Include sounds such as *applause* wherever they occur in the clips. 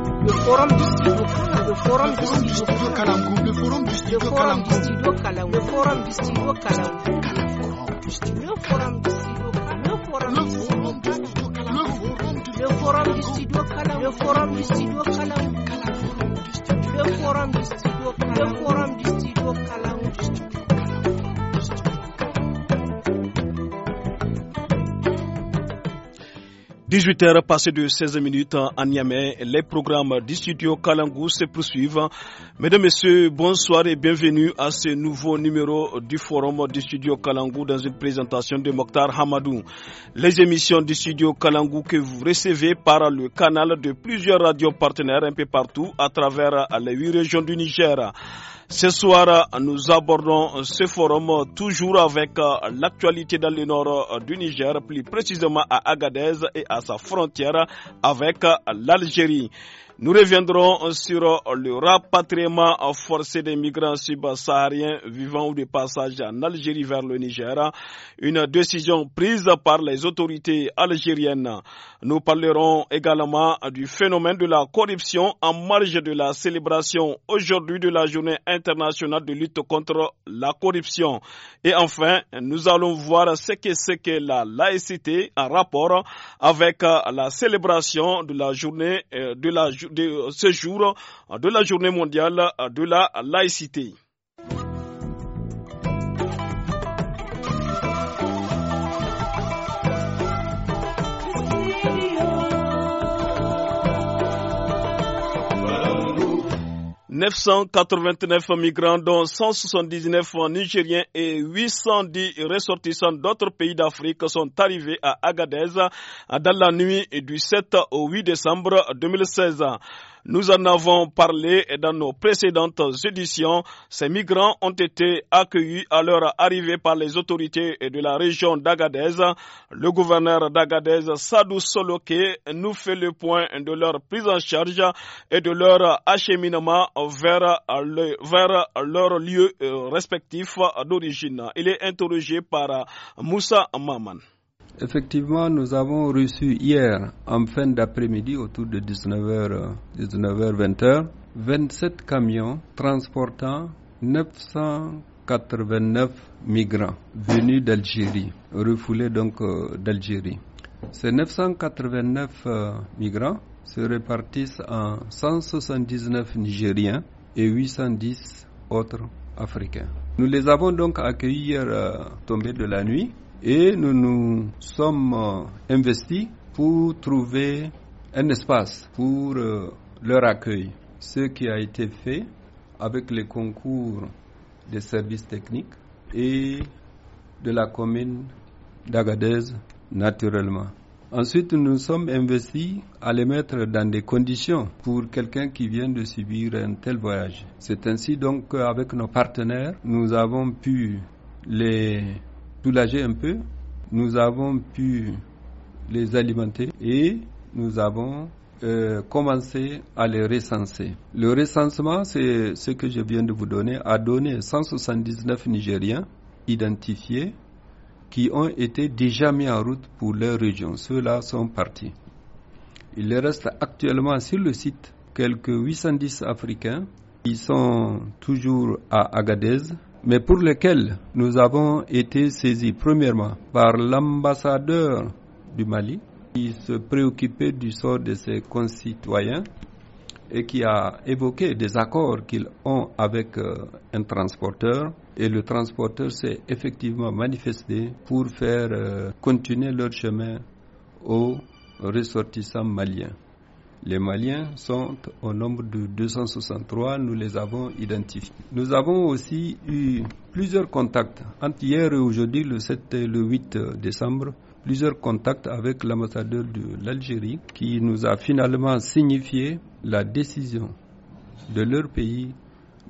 The forum du studio the forum du studio Kalamkou the forum du studio Kalamkou the forum du studio Kalamkou the forum du studio Kalamkou the forum du studio Kalamkou the forum du studio Kalamkou the forum du studio Kalamkou the forum du studio Kalamkou the forum du studio Kalamkou 18h passé de 16 minutes en Niamey, les programmes du studio Kalangou se poursuivent. Mesdames, Messieurs, bonsoir et bienvenue à ce nouveau numéro du forum du studio Kalangou dans une présentation de Mokhtar Hamadou. Les émissions du studio Kalangou que vous recevez par le canal de plusieurs radios partenaires un peu partout à travers les huit régions du Niger. Ce soir, nous abordons ce forum toujours avec euh, l'actualité dans le nord euh, du Niger, plus précisément à Agadez et à sa frontière avec euh, l'Algérie. Nous reviendrons sur le rapatriement forcé des migrants subsahariens vivant ou de passage en Algérie vers le Niger, une décision prise par les autorités algériennes. Nous parlerons également du phénomène de la corruption en marge de la célébration aujourd'hui de la journée internationale de lutte contre la corruption. Et enfin, nous allons voir ce que c'est que la laïcité en rapport avec la célébration de la journée euh, de la de ce jour de la journée mondiale de la laïcité. 989 migrants, dont 179 Nigériens et 810 ressortissants d'autres pays d'Afrique, sont arrivés à Agadez euh, dans la nuit du 7 au 8 décembre 2016. Nous en avons parlé dans nos précédentes éditions. Ces migrants ont été accueillis à leur arrivée par les autorités de la région d'Agadez. Le gouverneur d'Agadez, Sadou Soloke, nous fait le point de leur prise en charge et de leur acheminement vers, vers leur lieu euh, respectif d'origine. Il est interrogé par Moussa Maman. Effectivement, nous avons reçu hier, en fin d'après-midi, autour de 19h, h 20 27 camions transportant 989 migrants venus d'Algérie, refoulés donc euh, d'Algérie. Ces 989 euh, migrants se répartissent en 179 Nigériens et 810 autres Africains. Nous les avons donc accueillis hier euh, tombés de la nuit et nous nous sommes euh, investis pour trouver un espace pour euh, leur accueil. Ce qui a été fait avec les concours des services techniques et de la commune d'Agadez naturellement. Ensuite, nous sommes investis à les mettre dans des conditions pour quelqu'un qui vient de subir un tel voyage. C'est ainsi donc qu'avec nos partenaires, nous avons pu les soulagés un peu, nous avons pu les alimenter et nous avons euh, commencé à les recenser. Le recensement, c'est ce que je viens de vous donner, a donné 179 Nigériens identifiés qui ont été déjà mis en route pour leur région. Ceux-là sont partis. Il reste actuellement sur le site quelques 810 Africains. qui sont toujours à Agadez, mais pour lesquels nous avons été saisis premièrement par l'ambassadeur du Mali, qui se préoccupait du sort de ses concitoyens et qui a évoqué des accords qu'ils ont avec euh, un transporteur. Et le transporteur s'est effectivement manifesté pour faire euh, continuer leur chemin aux ressortissants maliens. Les Maliens sont au nombre de 263, nous les avons identifiés. Nous avons aussi eu plusieurs contacts, entre hier et aujourd'hui, le 7 et le 8 décembre, plusieurs contacts avec l'ambassadeur de l'Algérie qui nous a finalement signifié la décision de leur pays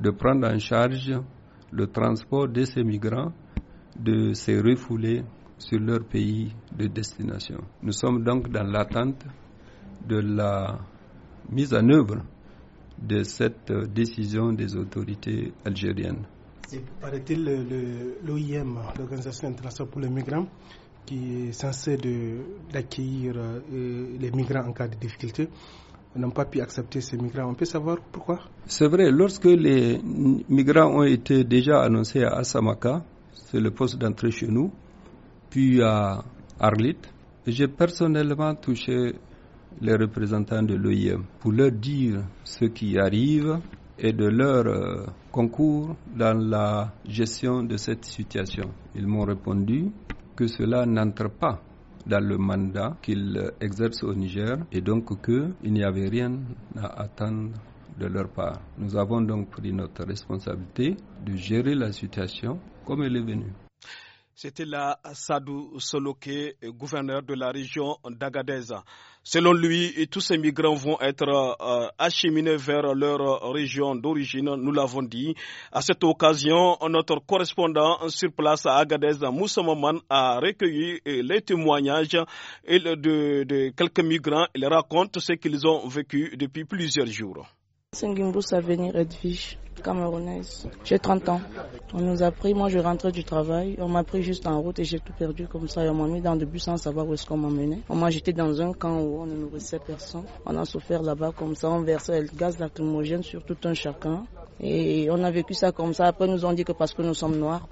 de prendre en charge le transport de ces migrants, de ces refoulés sur leur pays de destination. Nous sommes donc dans l'attente de la mise en œuvre de cette euh, décision des autorités algériennes. C'est, paraît-il, l'OIM, l'Organisation internationale pour les migrants, qui est censée d'accueillir euh, les migrants en cas de difficulté, n'ont pas pu accepter ces migrants. On peut savoir pourquoi C'est vrai, lorsque les migrants ont été déjà annoncés à Assamaka, c'est le poste d'entrée chez nous, puis à Arlit, j'ai personnellement touché les représentants de l'OIM pour leur dire ce qui arrive et de leur euh, concours dans la gestion de cette situation. Ils m'ont répondu que cela n'entre pas dans le mandat qu'ils exercent au Niger et donc qu'il n'y avait rien à attendre de leur part. Nous avons donc pris notre responsabilité de gérer la situation comme elle est venue. C'était là Sadou Soloke, gouverneur de la région d'Agadeza. Selon lui, tous ces migrants vont être euh, acheminés vers leur région d'origine, nous l'avons dit. À cette occasion, notre correspondant sur place à Agadez, Moussa Maman, a recueilli euh, les témoignages de, de quelques migrants. Il raconte ce qu'ils ont vécu depuis plusieurs jours. Sengimbous Avenir Edwige, camerounaise. J'ai 30 ans. On nous a pris, moi je rentrais du travail, on m'a pris juste en route et j'ai tout perdu comme ça. on m'a mis dans le bus sans savoir où est-ce qu'on m'a On m'a jeté dans un camp où on ne nourrissait personne. On a souffert là-bas comme ça, on versait le gaz lacrymogène sur tout un chacun. Et on a vécu ça comme ça. Après, nous ont dit que parce que nous sommes noirs,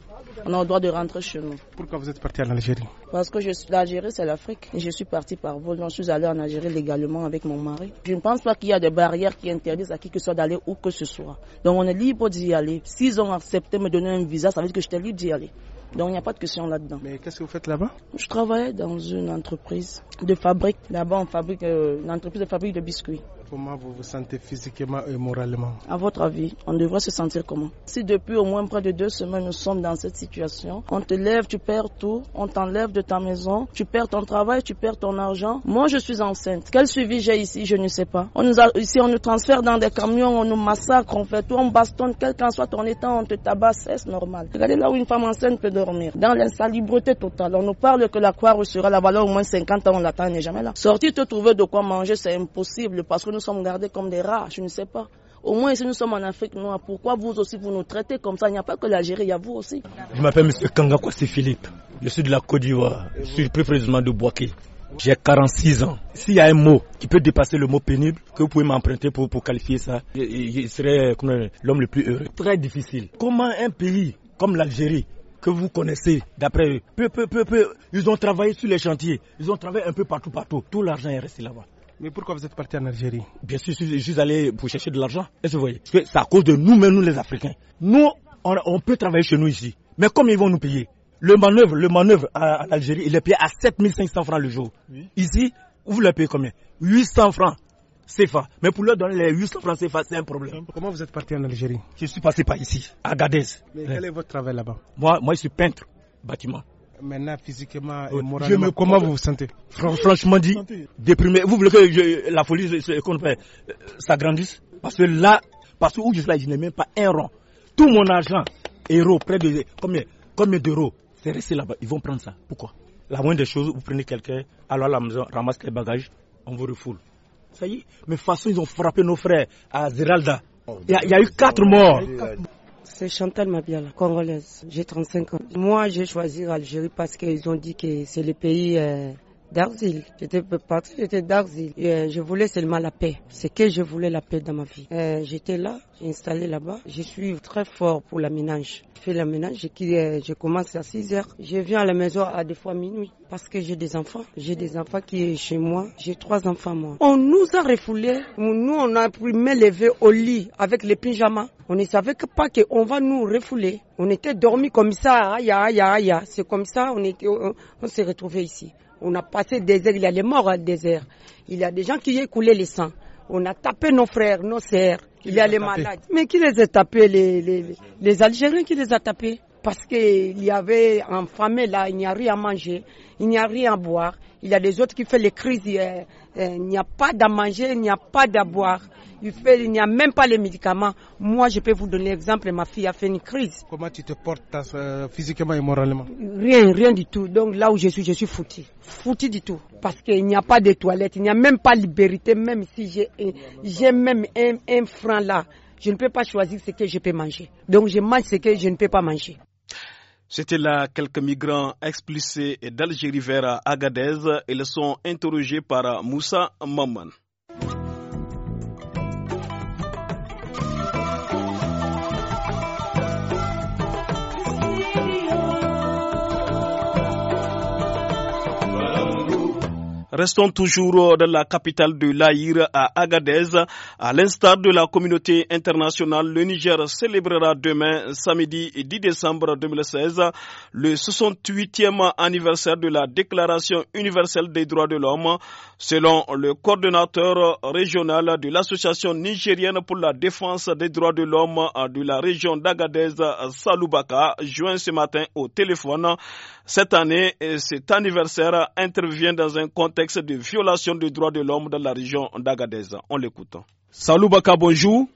on a le droit de rentrer chez nous. Pourquoi vous êtes parti à l'Algérie Parce que l'Algérie, c'est l'Afrique. Je suis partie par vol. je suis allée en Algérie légalement avec mon mari. Je ne pense pas qu'il y a des barrières qui interdisent à qui que ce soit d'aller où que ce soit. Donc, on est libre d'y aller. S'ils ont accepté de me donner un visa, ça veut dire que j'étais libre d'y aller. Donc il n'y a pas de question là-dedans. Mais qu'est-ce que vous faites là-bas Je travaille dans une entreprise de fabrique. Là-bas, on fabrique, euh, une entreprise de fabrique de biscuits. Comment vous vous sentez physiquement et moralement À votre avis, on devrait se sentir comment Si depuis au moins près de deux semaines nous sommes dans cette situation, on te lève, tu perds tout, on t'enlève de ta maison, tu perds ton travail, tu perds ton argent. Moi, je suis enceinte. Quel suivi j'ai ici, je ne sais pas. ici, on nous transfère dans des camions, on nous massacre, on fait tout, on bastonne, quel qu'en soit ton état, on te tabasse, c'est normal. Regardez là où une femme enceinte peut dormir. Dans l'insalubrité totale, on nous parle que la croix sera la valeur au moins 50 ans, on l'attend, n'est jamais là. Sortir te trouver de quoi manger, c'est impossible parce que nous sommes gardés comme des rats Je ne sais pas. Au moins si nous sommes en Afrique noire, pourquoi vous aussi vous nous traitez comme ça Il n'y a pas que l'Algérie, il y a vous aussi. Je m'appelle M. Kwasi Philippe. Je suis de la Côte d'Ivoire. Je suis plus de Boaké. J'ai 46 ans. S'il y a un mot qui peut dépasser le mot pénible, que vous pouvez m'emprunter pour, qualifier ça, je, serait euh, l'homme le plus heureux. Très difficile. Comment un pays comme l'Algérie, que vous connaissez d'après eux, ils ont travaillé sur les chantiers, ils ont travaillé un peu partout, partout. Tout l'argent est resté là-bas. Mais pourquoi vous êtes parti en Algérie Bien sûr, je suis allé pour chercher de l'argent. Et vous voyez Parce que c'est à cause de nous, mêmes nous les Africains. Nous, on, peut travailler chez nous ici. Mais comment ils vont nous payer Le manœuvre, le manœuvre en Algérie, il est payé à 7500 francs le jour. Ici, vous le payez combien 800 francs. CFA. Mais pour leur donner les 800 francs CFA, c'est un problème. Comment vous êtes parti en Algérie Je suis passé par ici, à Gadez. Mais quel est votre travail là-bas moi, moi, je suis peintre, bâtiment maintenant physiquement et moralement, comment vous vous sentez Franchement dit, déprimé. Vous voulez que je, la folie euh, s'agrandisse Parce que là, parce que où je suis là, je n'ai même pas un rond. Tout mon argent, euros, près de combien, combien d'euros, c'est resté là-bas. Ils vont prendre ça. Pourquoi La moindre des choses, vous prenez quelqu'un, alors à la maison, ramasse les bagages, on vous refoule. Ça y est. Mais façon, ils ont frappé nos frères à Zeralda. Oh, il y a eu quatre morts. C'est Chantal Mabiala, congolaise. J'ai 35 ans. Moi, j'ai choisi l'Algérie parce qu'ils ont dit que c'est le pays euh, d'Arzil. J'étais parti, j'étais d'Arzil. Euh, je voulais seulement la paix. C'est que je voulais la paix dans ma vie. Euh, j'étais là, j'ai installé là-bas. Je suis très fort pour la ménage. Je fais la ménage, euh, je, commence à 6 heures. Je viens à la maison à des fois minuit parce que j'ai des enfants. J'ai des enfants qui sont chez moi. J'ai trois enfants moi. On nous a refoulés. Nous, on a pu m'élever au lit avec les pyjamas. On ne savait pas qu'on va nous refouler. On était dormis comme ça, aïe, aïe, aïe, C'est comme ça, on, s'est retrouvés ici. On a passé des heures, il y a les morts des désert. Il y a des gens qui ont coulé les sang. On a tapé nos frères, nos sœurs. Il y a les malades. Mais qui les a tapés les, Algériens qui les a tapés parce qu'il y avait en famille là, il n'y a rien à manger, il n'y a rien à boire. Il y a des autres qui font les crises, euh, euh, il n'y a pas d'à manger, il n'y a pas d'à boire. Il, fait, il n'y a même pas les médicaments. Moi, je peux vous donner l'exemple, ma fille a fait une crise. Comment tu te portes euh, physiquement et moralement Rien, rien du tout. Donc là où je suis, je suis foutu. Foutu du tout. Parce qu'il n'y a pas de toilettes, il n'y a même pas de liberté, même si j'ai, même un, un franc là. Je ne peux pas choisir ce que je peux manger. Donc je mange ce que je ne peux pas manger. C'était là quelques migrants expulsés d'Algérie vers Agadez. Ils sont interrogés par Moussa Maman. Restons toujours dans la capitale de l'Aïr à Agadez. À l'instar de la communauté internationale, le Niger célébrera demain, samedi 10 décembre 2016, le 68e anniversaire de la Déclaration universelle des droits de l'homme. Selon le coordonnateur régional de l'Association nigérienne pour la défense des droits de l'homme de la région d'Agadez, Saloubaka, joint ce matin au téléphone, cette année, cet anniversaire intervient dans un contexte de violation des droits de l'homme dans la région d'Agadez. On l'écoute. Salou Baka, bonjour.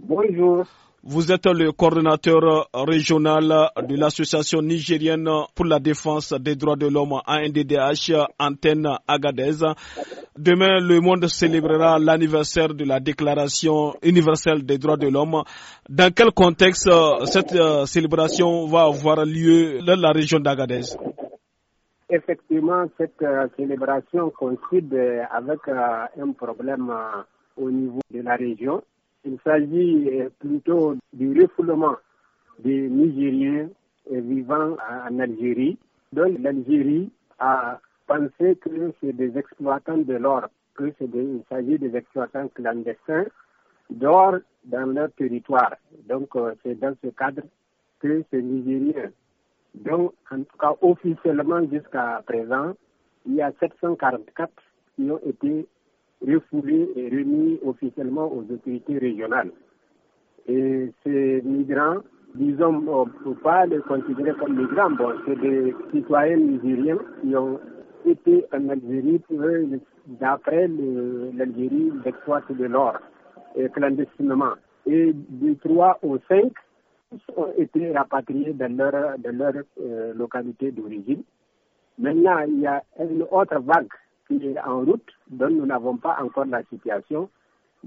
Bonjour. Vous êtes le coordinateur régional de l'Association nigérienne pour la défense des droits de l'homme ANDDH, antenne Agadez. Demain, le monde célébrera l'anniversaire de la Déclaration universelle des droits de l'homme. Dans quel contexte euh, cette euh, célébration va avoir lieu dans la région d'Agadez effectivement, cette euh, célébration coïncide euh, avec euh, un problème au niveau de la région. Il s'agit plutôt du refoulement des Nigériens vivant en Algérie. Donc l'Algérie a pensé que c'est des exploitants de l'or, que il s'agit des exploitants clandestins d'or dans leur territoire. Donc c'est dans ce cadre que ces Nigériens donc, en tout cas, officiellement jusqu'à présent, il y a 744 qui ont été refoulés et remis officiellement aux autorités régionales. Et ces migrants, disons, on ne peut pas les considérer comme migrants, bon, c'est des citoyens nigériens qui ont été en Algérie d'après l'Algérie d'exploiter de l'or clandestinement. Et du 3 au 5, ont euh, été rapatriés dans leur, leur euh, localité d'origine. Maintenant, il y a une autre vague qui est en route, dont nous n'avons pas encore la situation.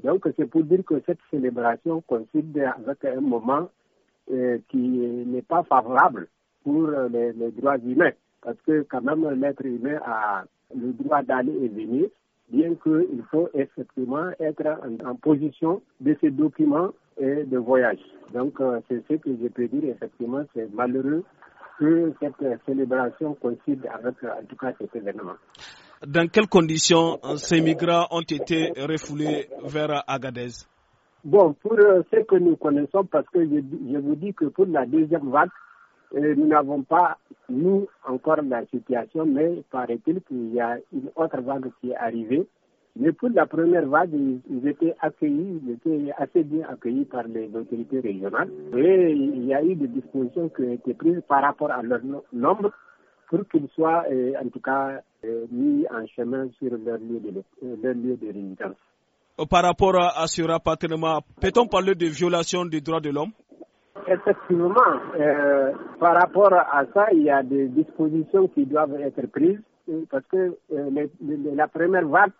Donc, c'est pour dire que cette célébration coïncide avec un moment euh, qui n'est pas favorable pour les, droits humains. Parce que quand même, l'être humain a le droit d'aller et venir, bien qu'il faut effectivement être en, en position de ces documents et de voyage. Donc, euh, c'est ce que je peux dire. Effectivement, c'est malheureux que cette célébration coïncide avec, euh, en tout cas, cet événement. Dans quelles conditions euh, ces migrants ont été refoulés vers Agadez Bon, pour ce que nous connaissons, parce que je, vous dis que pour la deuxième vague, nous n'avons pas, nous, encore la situation, mais paraît-il qu'il y a une autre vague qui est arrivée mais pour la première vague, ils étaient accueillis, ils étaient assez bien accueillis par les autorités régionales. Et il y a eu des dispositions qui ont été prises par rapport à leur nombre pour qu'ils soient, euh, en tout cas, euh, mis en chemin sur leur lieu de, euh, lieu de résidence. Par rapport à ce rapatriement, peut-on parler de violation des droits de l'homme Effectivement, par rapport à ça, il y a des dispositions qui doivent être prises parce que la première vague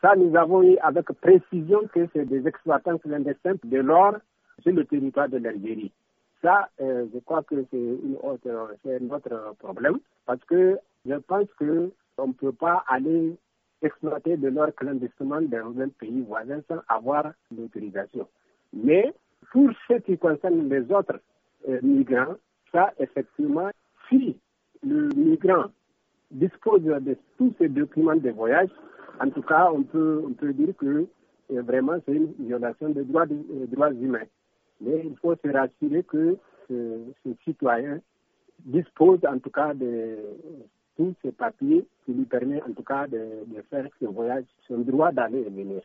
ça, nous avons eu avec précision que c'est des exploitants clandestins de l'or sur le territoire de l'Algérie. Ça, euh, je crois que c'est une un autre problème parce que je pense que on ne peut pas aller exploiter de l'or clandestinement dans un pays voisin sans avoir l'autorisation. Mais pour ce qui concerne les autres euh, migrants, ça, effectivement, si le migrant dispose de tous ses documents de voyage, en tout cas, on peut, on peut dire que euh, vraiment c'est une violation des droits, des euh, droits humains. Mais il faut se rassurer que euh, ce, citoyen dispose en tout cas de tous ces papiers qui lui permettent en tout cas de, faire ce voyage, son droit d'aller et venir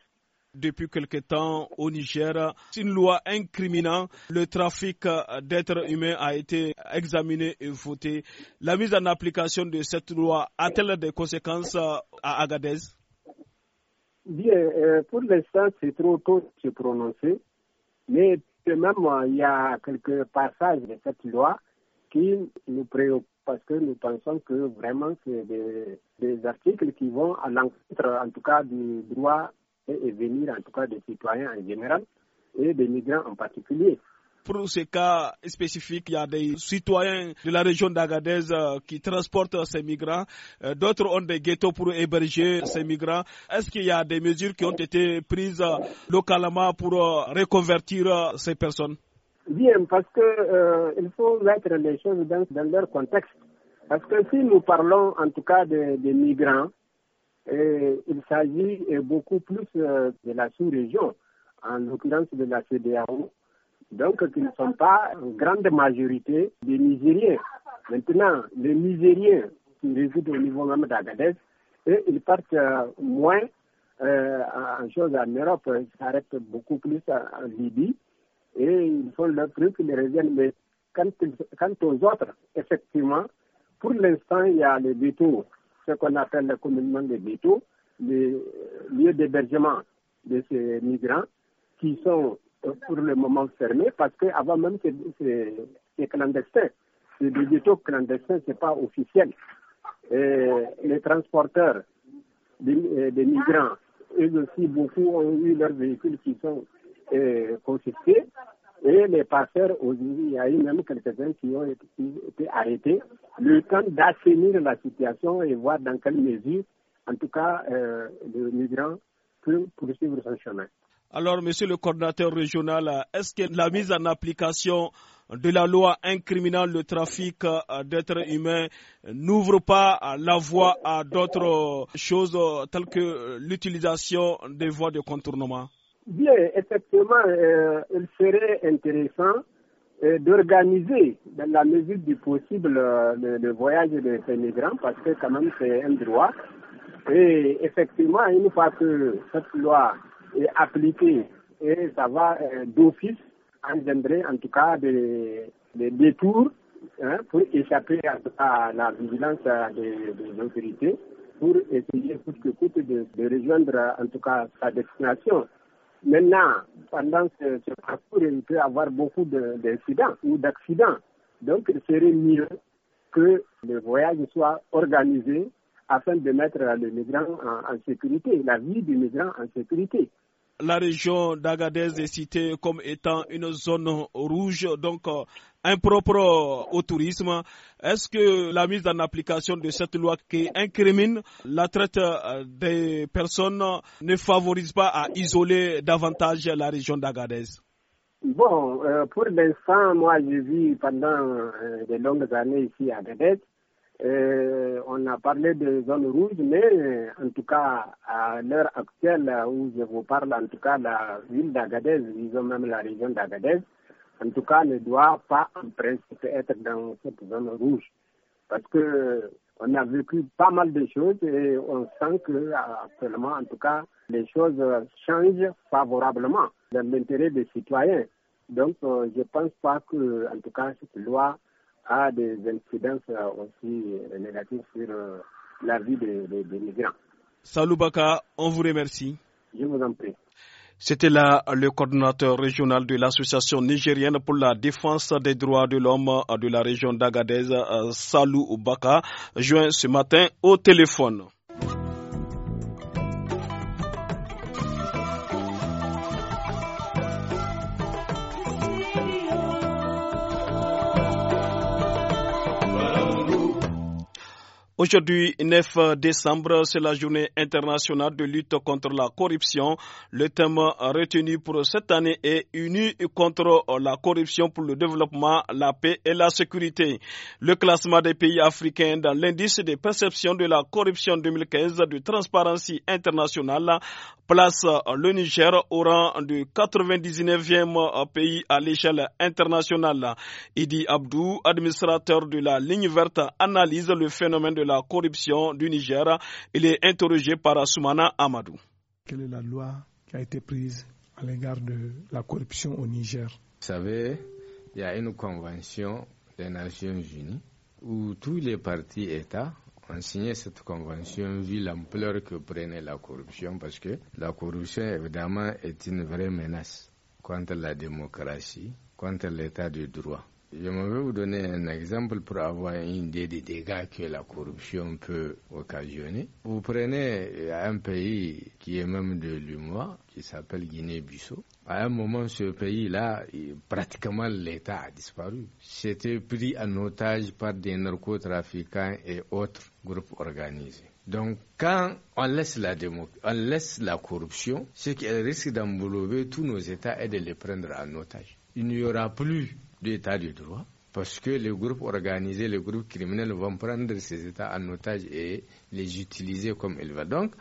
depuis quelque temps au Niger. Une loi incriminant le trafic d'êtres humains a été examiné et votée. La mise en application de cette loi a-t-elle des conséquences à Agadez Bien, euh, pour l'instant, c'est trop tôt de se prononcer, mais même il y a quelques passages de cette loi qui nous préoccupent parce que nous pensons que vraiment c'est des, articles qui vont à l'encontre, en tout cas, du droit et venir, en tout cas, des citoyens en général et des migrants en particulier pour ces cas spécifiques, il y a des citoyens de la région d'Agadez euh, qui transportent ces migrants. Euh, d'autres ont des ghettos pour héberger ces migrants. Est-ce qu'il y a des mesures qui ont été prises euh, localement pour reconvertir ces personnes Bien, parce que il faut mettre les choses dans, leur contexte. Parce que si nous parlons en tout cas des migrants, il s'agit beaucoup plus de la sous-région, en l'occurrence de la CDAO, donc qui ne sont pas une grande majorité des misériens. Maintenant, les misériens qui résident au niveau même d'Agadez, ils partent euh, moins euh, en en Europe, hein, ils s'arrêtent beaucoup plus en, Libye et ils font leur truc, ils reviennent. Mais quant, aux autres, effectivement, pour l'instant, il y a les détours, ce qu'on appelle le communément des détours, les euh, lieux d'hébergement de ces migrants qui sont pour le moment fermé parce qu'avant même que c'est clandestin. C'est du clandestin, clandestin, c'est pas officiel. les transporteurs euh, des, migrants, eux aussi beaucoup ont eu leurs véhicules qui sont euh, confisqués. Et les passeurs, il y a eu même quelques-uns qui ont été, arrêtés. Le temps d'assainir la situation et voir dans quelle mesure, en tout cas, euh, le migrant peut poursuivre son chemin. Alors, monsieur le coordinateur régional, est-ce que la mise en application de la loi incriminant le trafic euh, d'êtres humains n'ouvre pas euh, la voie à d'autres euh, choses telles que l'utilisation des voies de contournement Bien, effectivement, il serait intéressant d'organiser, dans la mesure du possible, le, voyage des migrants, parce que quand même c'est un droit. Et effectivement, une fois que cette loi et appliquer et ça va euh, d'office engendrer en tout cas des, détours hein, pour échapper à, la vigilance des, autorités, pour essayer coûte coûte de, rejoindre en tout cas sa destination. Maintenant, pendant ce, parcours, il peut y avoir beaucoup d'incidents ou d'accidents. Donc, il serait mieux que le voyage soit organisé afin de mettre le migrant en, en sécurité, la vie du migrant en sécurité la région d'Agadez est citée comme étant une zone rouge, donc euh, impropre au tourisme. Est-ce que la mise en application de cette loi qui incrimine la traite euh, des personnes ne favorise pas à isoler davantage la région d'Agadez Bon, euh, pour l'instant, moi, je vis pendant de longues années ici à Agadez. Euh, on a parlé de zones rouge, mais en tout cas, à l'heure actuelle où je vous parle, en tout cas, la ville d'Agadez, disons même la région d'Agadez, en tout cas, ne doit pas en principe être dans cette zone rouge. Parce que on a vécu pas mal de choses et on sent que euh, actuellement, en tout cas, les choses changent favorablement dans l'intérêt des citoyens. Donc, euh, je ne pense pas que, en tout cas, cette loi a des incidences aussi négatives sur euh, la vie des, migrants. Salou migrants. on vous remercie. Je vous en prie. C'était là le coordinateur régional de l'Association nigérienne pour la défense des droits de l'homme de la région d'Agadez, euh, Salou Baka, joint ce matin au téléphone. Aujourd'hui, 9 décembre, c'est la journée internationale de lutte contre la corruption. Le thème retenu pour cette année est Unis contre la corruption pour le développement, la paix et la sécurité. Le classement des pays africains dans l'indice des perceptions de la corruption 2015 de Transparency International place le Niger au rang du 99e pays à l'échelle internationale. Idi Abdou, administrateur de la ligne verte, analyse le phénomène de la corruption du Niger. Il est interrogé par Soumana Amadou. Quelle est la loi qui a été prise à l'égard de la corruption au Niger Vous savez, il y a une convention des Nations Unies où tous les partis États ont signé cette convention vu l'ampleur que prenait la corruption parce que la corruption évidemment est une vraie menace contre la démocratie, contre l'état de droit. Je vais vous donner un exemple pour avoir une idée des dégâts que la corruption peut occasionner. Vous prenez un pays qui est même de l'UMOA, qui s'appelle Guinée-Bissau. À un moment, ce pays-là, pratiquement l'État a disparu. C'était pris en otage par des narcotrafiquants et autres groupes organisés. Donc, quand on laisse la, on laisse la corruption, ce qui risque d'envelopper tous nos États est de les prendre en otage. Il n'y aura plus l'État du droit, parce que les groupes organisés, les groupes criminels vont prendre ces États en otage et les utiliser comme ils veulent. Donc,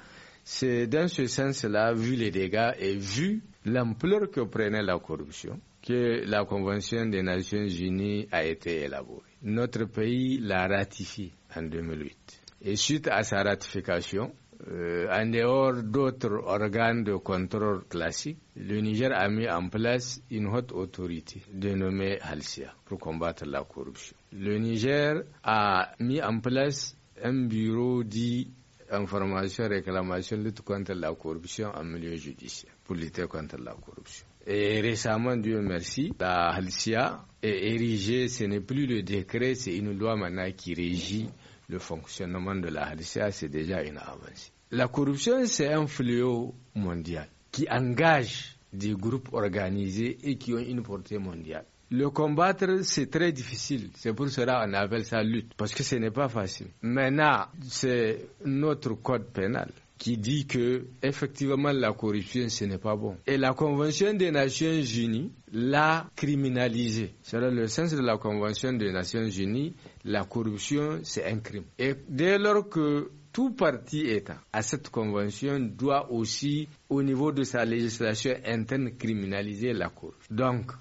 c'est dans ce sens-là, vu les dégâts et vu l'ampleur que prenait la corruption, que la Convention des Nations Unies a été élaborée. Notre pays l'a ratifiée en 2008. Et suite à sa ratification, euh, en dehors d'autres organes de contrôle classiques, le Niger a mis en place une haute autorité dénommée Halcia pour combattre la corruption. Le Niger a mis en place un bureau dit information, réclamation, lutte contre la corruption en milieu judiciaire pour lutter contre la corruption. Et récemment, Dieu merci, la Halcia est érigée, ce n'est plus le décret, c'est une loi maintenant qui régit le fonctionnement de la RCA, c'est déjà une avancée. La corruption, c'est un fléau mondial qui engage des groupes organisés et qui ont une portée mondiale. Le combattre, c'est très difficile. C'est pour cela qu'on appelle ça lutte, parce que ce n'est pas facile. Maintenant, c'est notre code pénal qui dit que effectivement la corruption ce n'est pas bon. Et la Convention des Nations Unies l'a criminalisée. C'est le sens de la Convention des Nations Unies, la corruption c'est un crime. Et dès lors que tout parti État à cette convention doit aussi, au niveau de sa législation interne, criminaliser la corruption. Donc,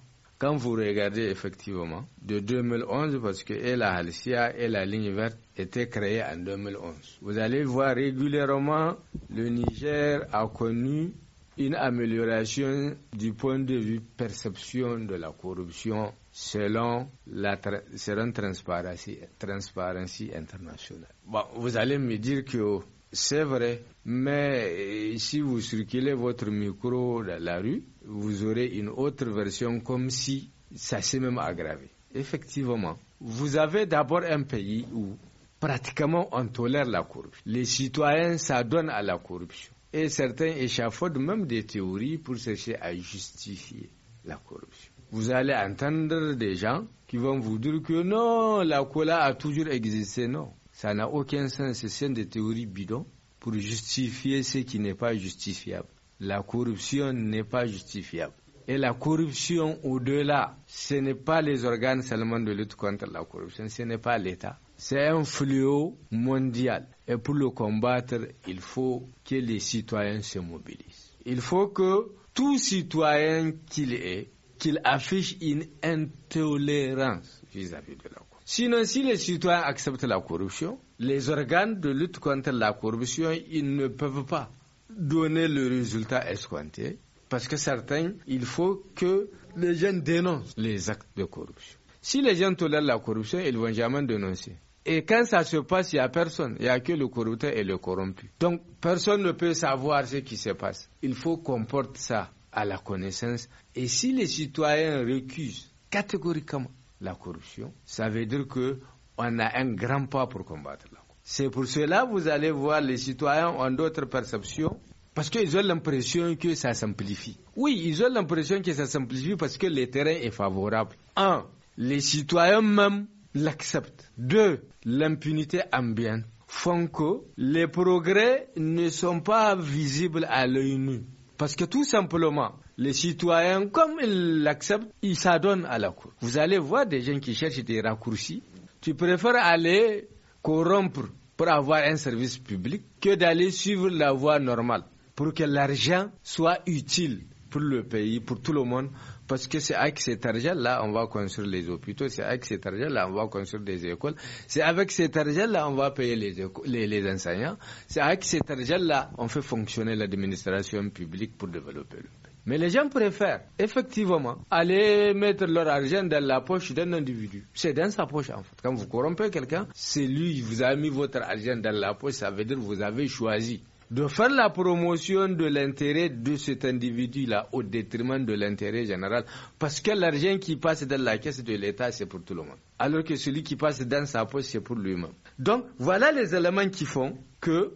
quand vous regardez effectivement, de 2011, parce que la Halcia et la ligne verte étaient créées en 2011, vous allez voir régulièrement, le Niger a connu une amélioration du point de vue perception de la corruption selon la selon transparency, transparency internationale. Bon, vous allez me dire que c'est vrai, mais euh, si vous circulez votre micro dans la rue, vous aurez une autre version comme si ça s'est même aggravé. Effectivement, vous avez d'abord un pays où pratiquement on tolère la corruption. Les citoyens s'adonnent à la corruption. Et certains échafaudent même des théories pour chercher à justifier la corruption. Vous allez entendre des gens qui vont vous dire que non, la cola a toujours existé. Non, ça n'a aucun sens, c'est une théorie bidon pour justifier ce qui n'est pas justifiable. La corruption n'est pas justifiable. Et la corruption au-delà, ce n'est pas les organes seulement de lutte contre la corruption, ce n'est pas l'État. C'est un fléau mondial. Et pour le combattre, il faut que les citoyens se mobilisent. Il faut que tout citoyen qu'il est, qu'il affiche une intolérance vis-à-vis -vis de la corruption. Sinon, si les citoyens acceptent la corruption, les organes de lutte contre la corruption, ils ne peuvent pas donner le résultat escompté, parce que certains, il faut que les gens dénoncent les actes de corruption. Si les gens tolèrent la corruption, ils ne vont jamais dénoncer. Et quand ça se passe, il n'y a personne. Il n'y a que le corrupteur et le corrompu. Donc, personne ne peut savoir ce qui se passe. Il faut qu'on porte ça à la connaissance. Et si les citoyens recusent catégoriquement la corruption, ça veut dire que on a un grand pas pour combattre la corruption. C'est pour cela que vous allez voir les citoyens ont d'autres perceptions parce qu'ils ont l'impression que ça s'amplifie. Oui, ils ont l'impression que ça simplifie parce que le terrain est favorable. Un, les citoyens même l'acceptent. Deux, l'impunité ambiante font que les progrès ne sont pas visibles à l'œil nu. Parce que tout simplement, les citoyens, comme ils l'acceptent, ils s'adonnent à la cour. Vous allez voir des gens qui cherchent des raccourcis. Tu préfères aller corrompre pour avoir un service public que d'aller suivre la voie normale pour que l'argent soit utile pour le pays, pour tout le monde. Parce que c'est avec cet argent-là on va construire les hôpitaux, c'est avec cet argent-là on va construire des écoles, c'est avec cet argent-là on va payer les, les, enseignants, c'est avec cet argent-là on fait fonctionner l'administration publique pour développer le mais les gens préfèrent effectivement aller mettre leur argent dans la poche d'un individu. C'est dans sa poche en fait. Quand vous corrompez quelqu'un, c'est lui qui vous a mis votre argent dans la poche. Ça veut dire que vous avez choisi de faire la promotion de l'intérêt de cet individu-là au détriment de l'intérêt général. Parce que l'argent qui passe dans la caisse de l'État, c'est pour tout le monde. Alors que celui qui passe dans sa poche, c'est pour lui-même. Donc voilà les éléments qui font que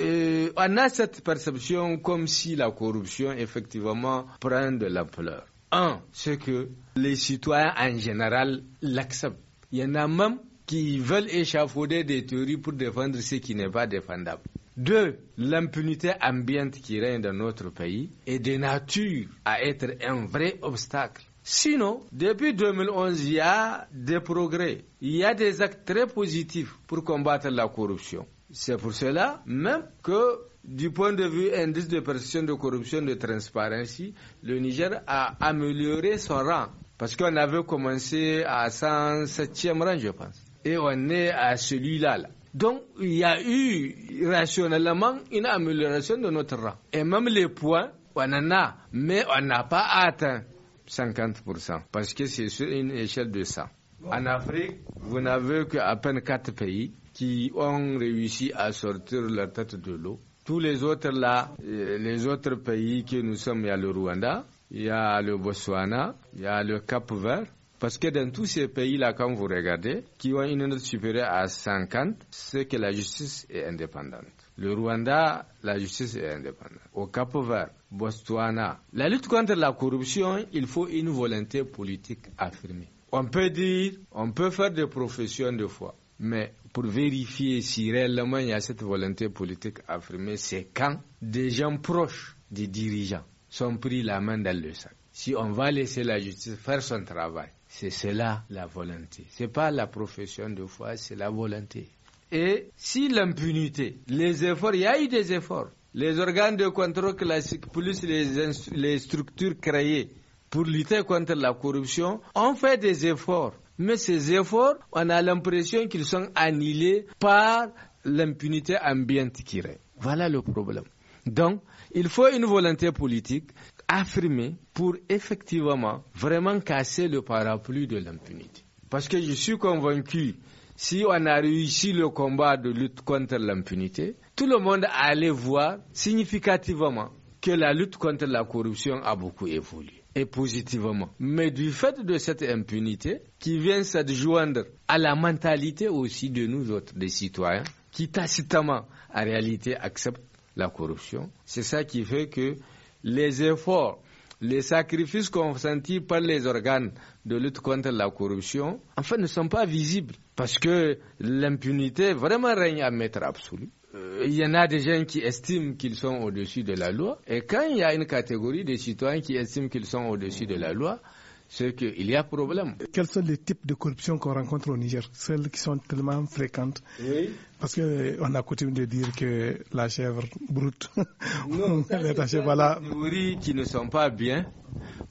euh, on a cette perception comme si la corruption effectivement prend de l'ampleur. Un, c'est que les citoyens en général l'acceptent. Il y en a même qui veulent échafauder des théories pour défendre ce qui n'est pas défendable. Deux, l'impunité ambiante qui règne dans notre pays est de nature à être un vrai obstacle. Sinon, depuis 2011, il y a des progrès, il y a des actes très positifs pour combattre la corruption. C'est pour cela même que du point de vue indice de perception de corruption de transparence, le Niger a amélioré son rang. Parce qu'on avait commencé à 107e rang, je pense. Et on est à celui-là. Là. Donc, il y a eu rationnellement une amélioration de notre rang. Et même les points, on en a, mais on n'a pas atteint 50%, parce que c'est sur une échelle de 100. En Afrique, vous n'avez qu'à peine 4 pays qui ont réussi à sortir la tête de l'eau. Tous les autres là, euh, les autres pays que nous sommes, il y a le Rwanda, il y a le Botswana, il y a le Cap Vert. Parce que dans tous ces pays-là, quand vous regardez, qui ont une note supérieure à 50, c'est que la justice est indépendante. Le Rwanda, la justice est indépendante. Au Cap-Vert, Botswana, la lutte contre la corruption, il faut une volonté politique affirmée. On peut dire, on peut faire des professions de foi mais pour vérifier si réellement il y a cette volonté politique affirmée, c'est quand des gens proches des dirigeants sont pris la main dans le sac. Si on va laisser la justice faire son travail, c'est cela la volonté. Ce n'est pas la profession de foi, c'est la volonté. Et si l'impunité, les efforts, il y a eu des efforts. Les organes de contrôle classiques plus les, les structures créées pour lutter contre la corruption ont fait des efforts mais ces efforts, on a l'impression qu'ils sont annulés par l'impunité ambiante qui règne. Voilà le problème. Donc, il faut une volonté politique affirmée pour effectivement vraiment casser le parapluie de l'impunité. Parce que je suis convaincu, si on a réussi le combat de lutte contre l'impunité, tout le monde allait voir significativement que la lutte contre la corruption a beaucoup évolué positivement. Mais du fait de cette impunité qui vient s'adjoindre à la mentalité aussi de nous autres, des citoyens, qui tacitement, en réalité, acceptent la corruption, c'est ça qui fait que les efforts, les sacrifices consentis par les organes de lutte contre la corruption, en fait, ne sont pas visibles parce que l'impunité vraiment règne à mettre absolu. Euh, il y en a des gens qui estiment qu'ils sont au-dessus de la loi. Et quand il y a une catégorie de citoyens qui estiment qu'ils sont au-dessus de la loi, c'est qu'il y a problème. Quels sont les types de corruption qu'on rencontre au Niger Celles qui sont tellement fréquentes oui. Parce qu'on a coutume de dire que la chèvre brute, non, *laughs* qui ne sont pas bien.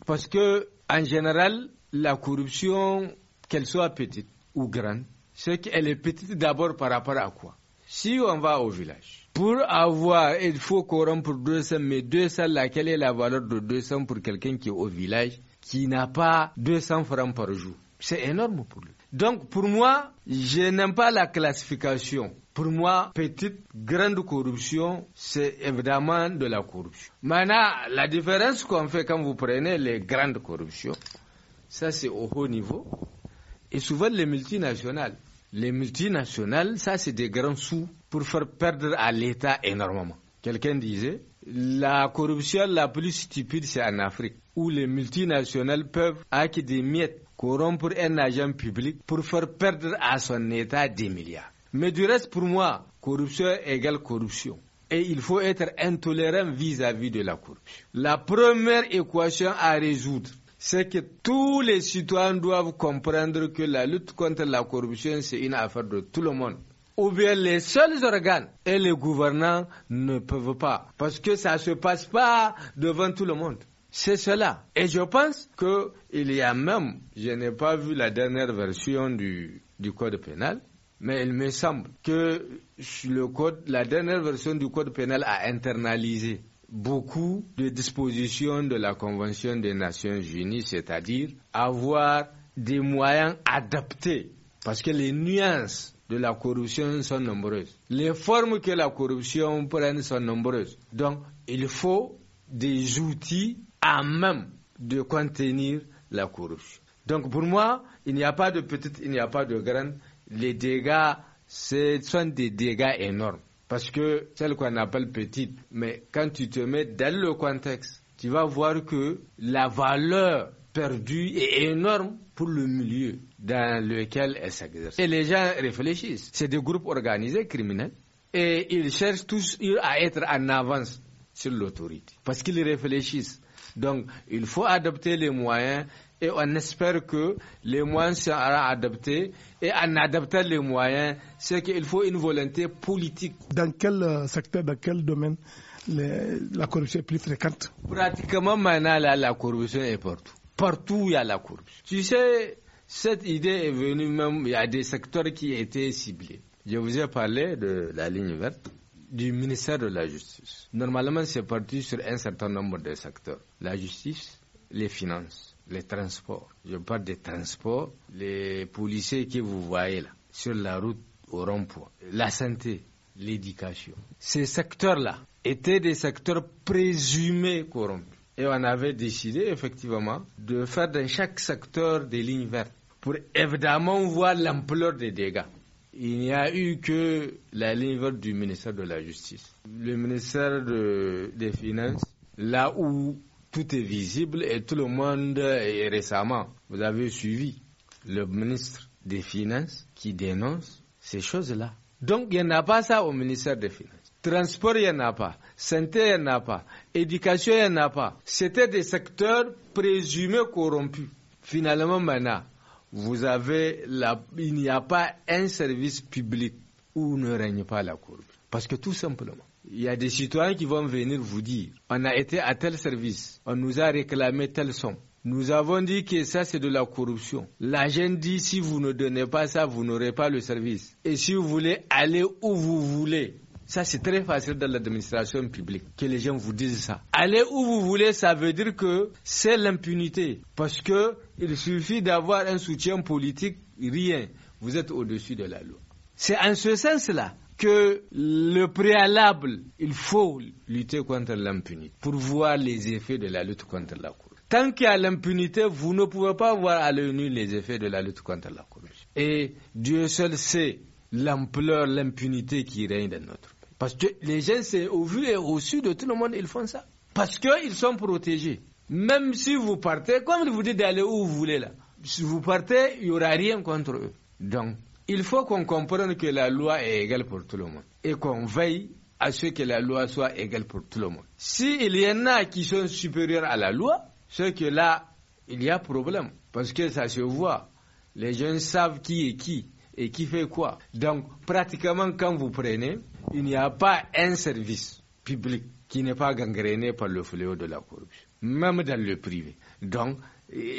Parce que, en général, la corruption, qu'elle soit petite ou grande, c'est qu'elle est petite d'abord par rapport à quoi si on va au village, pour avoir, il faut pour 200, mais 200, laquelle est la valeur de 200 pour quelqu'un qui est au village, qui n'a pas 200 francs par jour C'est énorme pour lui. Donc pour moi, je n'aime pas la classification. Pour moi, petite, grande corruption, c'est évidemment de la corruption. Maintenant, la différence qu'on fait quand vous prenez les grandes corruptions, ça c'est au haut niveau, et souvent les multinationales. Les multinationales, ça c'est des grands sous pour faire perdre à l'État énormément. Quelqu'un disait, la corruption la plus stupide c'est en Afrique, où les multinationales peuvent, avec des miettes, corrompre un agent public pour faire perdre à son État des milliards. Mais du reste, pour moi, corruption égale corruption. Et il faut être intolérant vis-à-vis -vis de la corruption. La première équation à résoudre, c'est que tous les citoyens doivent comprendre que la lutte contre la corruption, c'est une affaire de tout le monde ou bien les seuls organes et les gouvernants ne peuvent pas, parce que ça ne se passe pas devant tout le monde. C'est cela. Et je pense qu'il y a même, je n'ai pas vu la dernière version du, du, code pénal, mais il me semble que le code, la dernière version du code pénal a internalisé beaucoup de dispositions de la Convention des Nations Unies, c'est-à-dire avoir des moyens adaptés, parce que les nuances de la corruption sont nombreuses. Les formes que la corruption prend sont nombreuses. Donc, il faut des outils à même de contenir la corruption. Donc, pour moi, il n'y a pas de petite, il n'y a pas de grande. Les dégâts, ce sont des dégâts énormes. Parce que celle qu'on appelle petite, mais quand tu te mets dans le contexte, tu vas voir que la valeur perdue est énorme pour le milieu dans lequel elle s'exerce. Et les gens réfléchissent. C'est des groupes organisés criminels et ils cherchent tous à être en avance sur l'autorité parce qu'ils réfléchissent. Donc, il faut adopter les moyens et on espère que les moyens seront adaptés. Et en adaptant les moyens, c'est qu'il faut une volonté politique. Dans quel euh, secteur, dans quel domaine la corruption est plus fréquente Pratiquement maintenant, la corruption est partout. Partout, il y a la corruption. Tu sais, cette idée est venue même, il y a des secteurs qui étaient ciblés. Je vous ai parlé de la ligne verte du ministère de la Justice. Normalement, c'est parti sur un certain nombre de secteurs. La justice, les finances, les transports. Je parle des transports, les policiers que vous voyez là, sur la route au rond-point, la santé, l'éducation. Ces secteurs-là étaient des secteurs présumés corrompus. Et on avait décidé effectivement de faire dans chaque secteur des lignes vertes pour évidemment voir l'ampleur des dégâts il n'y a eu que la livre du ministère de la Justice. Le ministère des Finances, là où tout est visible et tout le monde, est récemment, vous avez suivi le ministre des Finances qui dénonce ces choses-là. Donc, il n'y en a pas ça au ministère des Finances. Transport, il n'y en a pas. Santé, il n'y en a pas. Éducation, il n'y en a pas. C'était des secteurs présumés corrompus. Finalement, maintenant, vous avez il n'y a pas un service public où ne règne pas la corruption. Parce que tout simplement, il y a des citoyens qui vont venir vous dire, on a été à tel service, on nous a réclamé telle somme. Nous avons dit que ça c'est de la corruption. L'agent dit si vous ne donnez pas ça, vous n'aurez pas le service. Et si vous voulez aller où vous voulez, ça, c'est très facile dans l'administration publique que les gens vous disent ça. Allez où vous voulez, ça veut dire que c'est l'impunité. Parce que il suffit d'avoir un soutien politique, rien. Vous êtes au-dessus de la loi. C'est en ce sens-là que le préalable, il faut lutter contre l'impunité pour voir les effets de la lutte contre la corruption. Tant qu'il y a l'impunité, vous ne pouvez pas voir à l'œil les effets de la lutte contre la corruption. Et Dieu seul sait l'ampleur, l'impunité qui règne dans notre parce que les gens, c'est au vu et au su de tout le monde, ils font ça. Parce qu'ils sont protégés. Même si vous partez, comme vous dites d'aller où vous voulez là, si vous partez, il n'y aura rien contre eux. Donc, il faut qu'on comprenne que la loi est égale pour tout le monde et qu'on veille à ce que la loi soit égale pour tout le monde. S'il y en a qui sont supérieurs à la loi, c'est que là, il y a problème. Parce que ça se voit. Les gens savent qui est qui et qui fait quoi Donc, pratiquement, quand vous prenez, il n'y a pas un service public qui n'est pas gangréné par le fléau de la corruption, même dans le privé. Donc,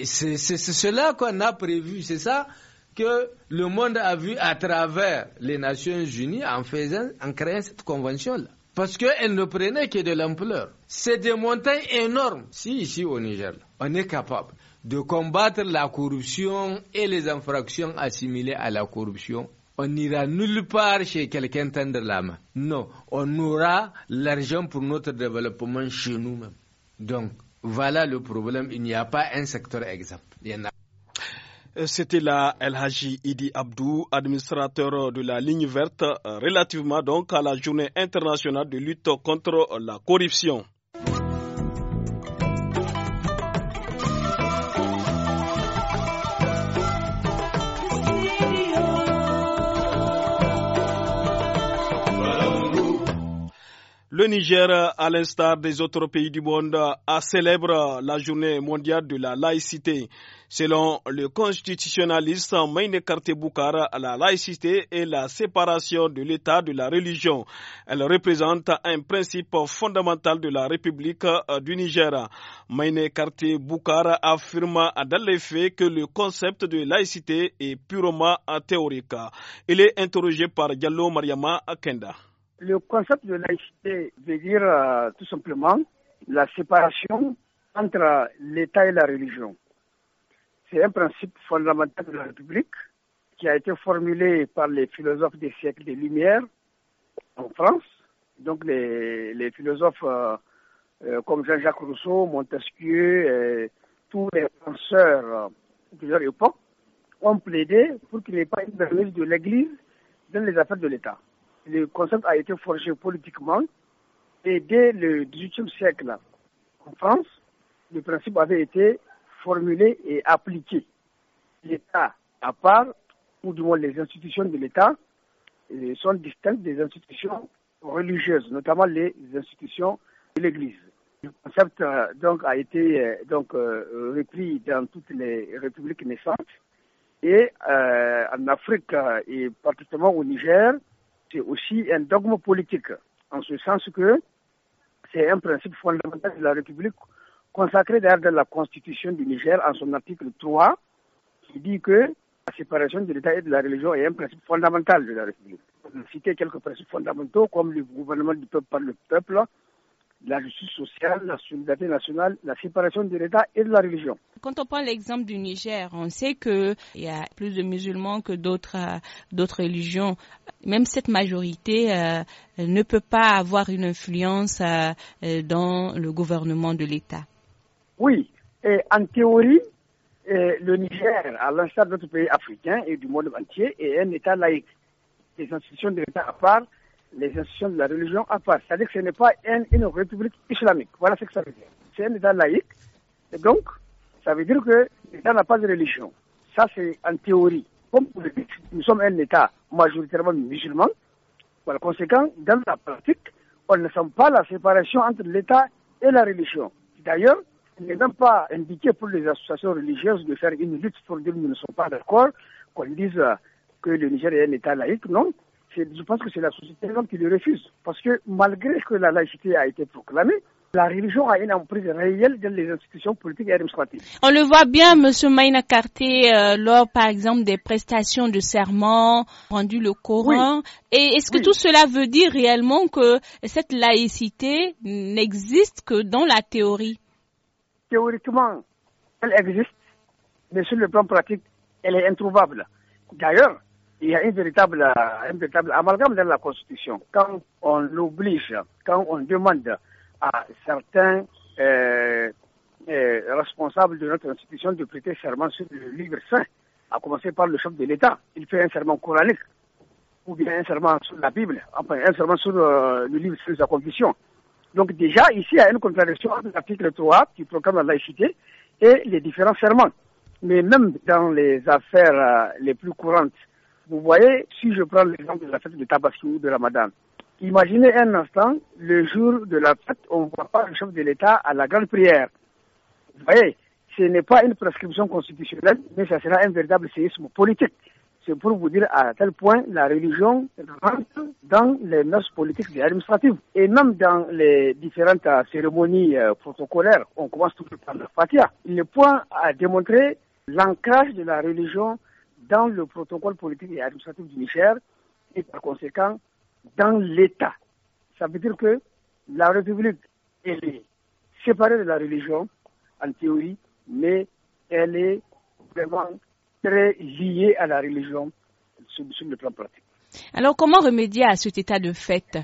c'est cela qu'on a prévu, c'est ça que le monde a vu à travers les Nations Unies en, en créant cette convention-là parce qu'elle ne prenait que de l'ampleur. C'est des montagnes énormes. Si ici au Niger, on est capable de combattre la corruption et les infractions assimilées à la corruption, on n'ira nulle part chez quelqu'un tendre la main. Non, on aura l'argent pour notre développement chez nous-mêmes. Donc, voilà le problème. Il n'y a pas un secteur exemple. Il y en a euh, c'était la El Haji Idi Abdou, administrateur de la ligne verte, euh, relativement donc à la journée internationale de lutte contre la corruption. Le Niger, à l'instar des autres pays du monde, a célèbre la journée mondiale de la laïcité. Selon le constitutionnaliste Maine boukara la laïcité est la séparation de l'État de la religion. Elle représente un principe fondamental de la République euh, du Niger. Maine boukara affirme dans les faits que le concept de laïcité est purement théorique. Il est interrogé par Diallo Mariama Akenda. Le concept de laïcité veut dire euh, tout simplement la séparation entre l'État et la religion. C'est un principe fondamental de la République qui a été formulé par les philosophes des siècles des Lumières en France. Donc les, philosophes euh, euh, comme Jean-Jacques Rousseau, Montesquieu, tous les penseurs euh, de leur époque ont plaidé pour qu'il n'y ait pas une de l'Église dans les affaires de l'État. Le concept a été forgé politiquement et dès le XVIIIe siècle en France, le principe avait été formulé et appliqué. L'État à part, ou du moins les institutions de l'État, eh, sont distinctes des institutions religieuses, notamment les institutions de l'Église. Le concept euh, donc a été euh, donc euh, repris dans toutes les républiques naissantes et en Afrique et particulièrement au Niger, c'est aussi un dogme politique en ce sens que c'est un principe fondamental de la République consacré d'ailleurs dans la Constitution du Niger en son article 3, qui dit que la séparation de l'État et de la religion est un principe fondamental de la République. On citer quelques principes fondamentaux comme le gouvernement du peuple par le peuple, la justice sociale, la solidarité nationale, la séparation de l'État et de la religion. Quand on prend l'exemple du Niger, on sait qu'il y a plus de musulmans que d'autres euh, d'autres religions. Même cette majorité euh, ne peut pas avoir une influence euh, dans le gouvernement de l'État. Oui, et en théorie, euh, le Niger, à l'instar d'autres pays africains et du monde entier, est un État laïque. Les institutions de l'État à part, les institutions de la religion à part. C'est-à-dire que ce n'est pas une, république islamique. Voilà ce que ça veut dire. C'est un État laïque. Et donc, ça veut dire que l'État n'a pas de religion. Ça, c'est en théorie. Comme vous le dites, nous sommes un État majoritairement musulman. Par conséquent, dans la pratique, on ne sent pas la séparation entre l'État et la religion. D'ailleurs, n'est même pas indiqué pour les associations religieuses de faire une lutte pour dire nous ne sont pas d'accord, qu'on dise que le Niger est un État laïque, non. Je pense que c'est la société qui le refuse. Parce que malgré que la laïcité a été proclamée, la religion a une emprise réelle dans les institutions politiques et administratives. On le voit bien, M. Maïna euh, lors, par exemple, des prestations de serment rendu le Coran. Et est-ce que tout cela veut dire réellement que cette laïcité n'existe que dans la théorie théoriquement, elle existe, mais sur le plan pratique, elle est introuvable. D'ailleurs, il y a un véritable amalgame dans la Constitution. Quand on l'oblige, quand on demande à certains euh, euh, responsables de notre institution de prêter serment sur le livre saint, à commencer par le chef de l'État, il fait un serment coranique, ou bien un serment sur la Bible, enfin un serment sur euh, le livre sur la confession. Donc déjà, ici, il y a une contradiction entre l'article 3 qui proclame la laïcité et les différents serments. Mais même dans les affaires euh, les plus courantes, vous voyez, si je prends l'exemple de la fête de Tabassou, ou de madame. imaginez un instant, le jour de la fête, on ne voit pas le chef de l'État à la grande prière. Vous voyez, ce n'est pas une prescription constitutionnelle, mais ça sera un véritable séisme politique. C'est pour vous dire à tel point la religion rentre dans les mœurs politiques et administratives. Et même dans les différentes euh, cérémonies euh, protocolaires, on commence toujours par la fatia. Le point à démontrer l'ancrage de la religion dans le protocole politique et administratif du Niger et par conséquent dans l'État. Ça veut dire que la République, elle est séparée de la religion, en théorie, mais elle est vraiment très lié à la religion sur, le plan pratique. Alors comment remédier à cet état de fait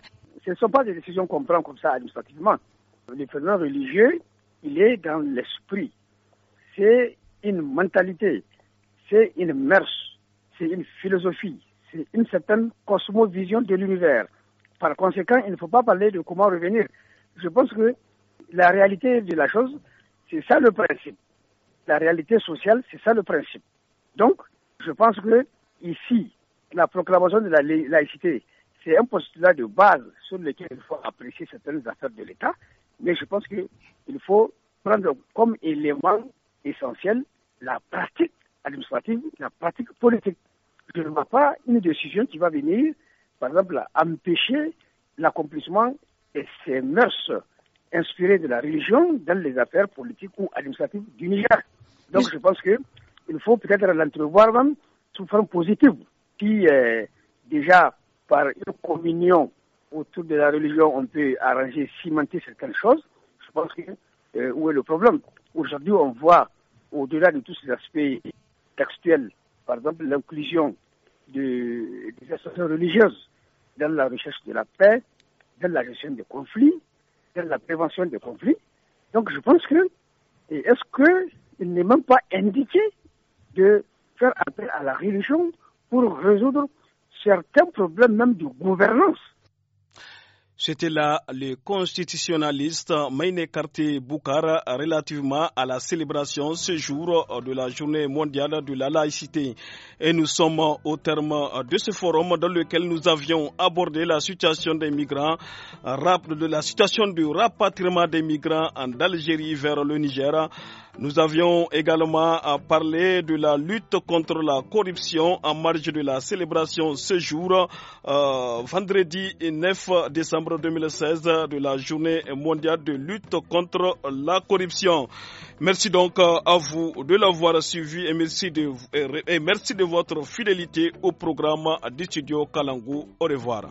Ce ne sont pas des décisions qu'on prend comme ça administrativement. Le phénomène religieux, il est dans l'esprit. C'est une mentalité, c'est une mœurs, c'est une philosophie, c'est une certaine cosmovision de l'univers. Par conséquent, il ne faut pas parler de comment revenir. Je pense que la réalité de la chose, c'est ça le principe. La réalité sociale, c'est ça le principe. Donc, je pense que ici, la proclamation de la laïcité, c'est un postulat de base sur lequel il faut apprécier certaines affaires de l'État, mais je pense qu'il faut prendre comme élément essentiel la pratique administrative, la pratique politique. Je ne vois pas une décision qui va venir, par exemple, empêcher l'accomplissement et ces mœurs inspirées de la religion dans les affaires politiques ou administratives du Niger. Donc je pense que il faut peut-être l'entrevoir même sous forme positive. qui, déjà par une communion autour de la religion, on peut arranger, cimenter certaines choses, je pense que euh, où est le problème Aujourd'hui, on voit au-delà de tous ces aspects textuels, par exemple l'inclusion de, des associations religieuses dans la recherche de la paix, dans la gestion des conflits, dans la prévention des conflits. Donc je pense que, est-ce qu'il n'est même pas indiqué de faire appel à la religion pour résoudre certains problèmes même de gouvernance. C'était là le constitutionnaliste Maine Karté Boukar relativement à la célébration ce jour de la journée mondiale de la laïcité. Et nous sommes au terme de ce forum dans lequel nous avions abordé la situation des migrants, de la situation du rapatriement des migrants d'Algérie vers le Niger. Nous avions également parlé de la lutte contre la corruption en marge de la célébration ce jour, euh, vendredi 9 décembre 2016, de la journée mondiale de lutte contre la corruption. Merci donc euh, à vous de l'avoir suivi et merci de, et merci de votre fidélité au programme du studio Kalangou. Au revoir.